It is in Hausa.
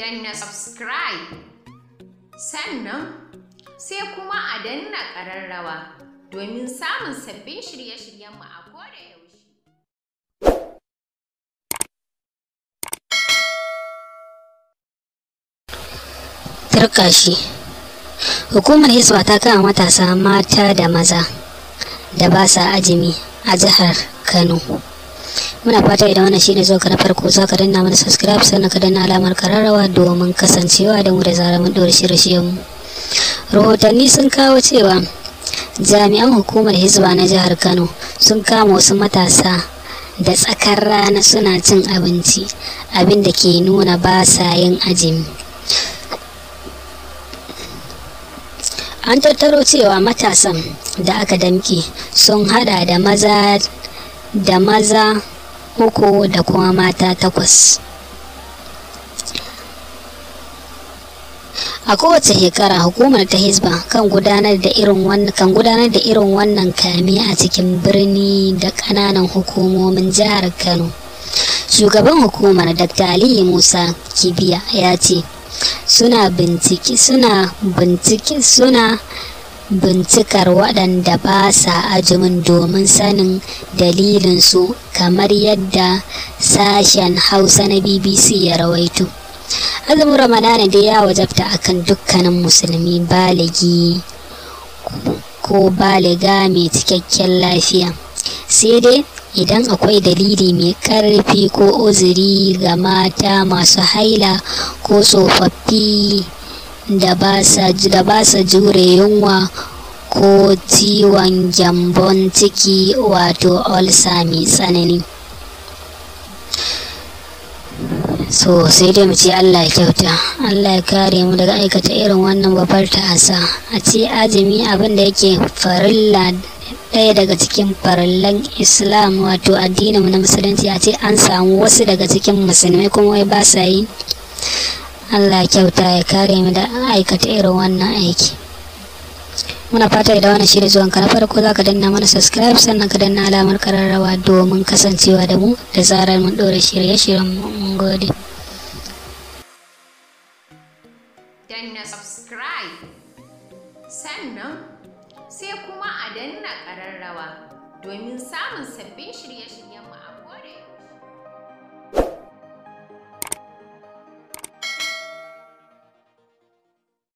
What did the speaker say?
danna subscribe sannan sai kuma a danna ƙararrawa domin samun sabbin shirye-shiryenmu a koda yaushe. Hukumar Hisba ta kama matasa mata da maza da ba sa ajimi a jihar Kano. muna fata idan wannan shine zo farko za ka danna mana subscribe sannan ka danna alamar kararrawa domin kasancewa da mu da zarar mun ɗora shirye mu rahotanni sun kawo cewa jami'an hukumar hizba na jihar kano sun kama wasu matasa da tsakar rana suna cin abinci abin da ke nuna ba sa yin ajin an tattaro cewa matasan da aka damke sun hada da maza da maza uku da kuma mata takwas a kowace shekara hukumar ta hisba kan gudanar da irin wannan kan gudanar a cikin birni da ƙananan hukumomin jihar kano shugaban hukumar dr aliyu musa kibiya ya ce suna bincike suna bincike suna bincikar waɗanda ba sa ajimin domin sanin dalilinsu kamar yadda sashen hausa na bbc ya rawaito azumin ramadana da ya wajabta akan dukkanin musulmi baligi ko baliga mai cikakken lafiya sai dai idan akwai dalili mai ƙarfi ko uzuri ga mata masu haila ko tsofaffi da ba sa jure yunwa ko ciwon gyambon ciki wato ulcer mai tsanani so sai dai mu ce Allah ya kyauta Allah ya kare mu daga aikata irin wannan babbar ta'asa a ce azumi abin da yake farilla ɗaya daga cikin farallan islam wato addinin na musulunci a ce an samu wasu daga cikin musulmai kuma wai ba sa yi Allah ya kyauta ya kare mu da aikata irin wannan aiki muna fata da wannan shine zuwanka na farko za ka danna mana subscribe sannan ka danna alamar kararrawa domin kasancewa da mu da zarar mun ɗora shirye-shiryen mun gode danna subscribe sannan sai kuma a danna kararrawa domin samun sabbin shirye-shiryen mu a kore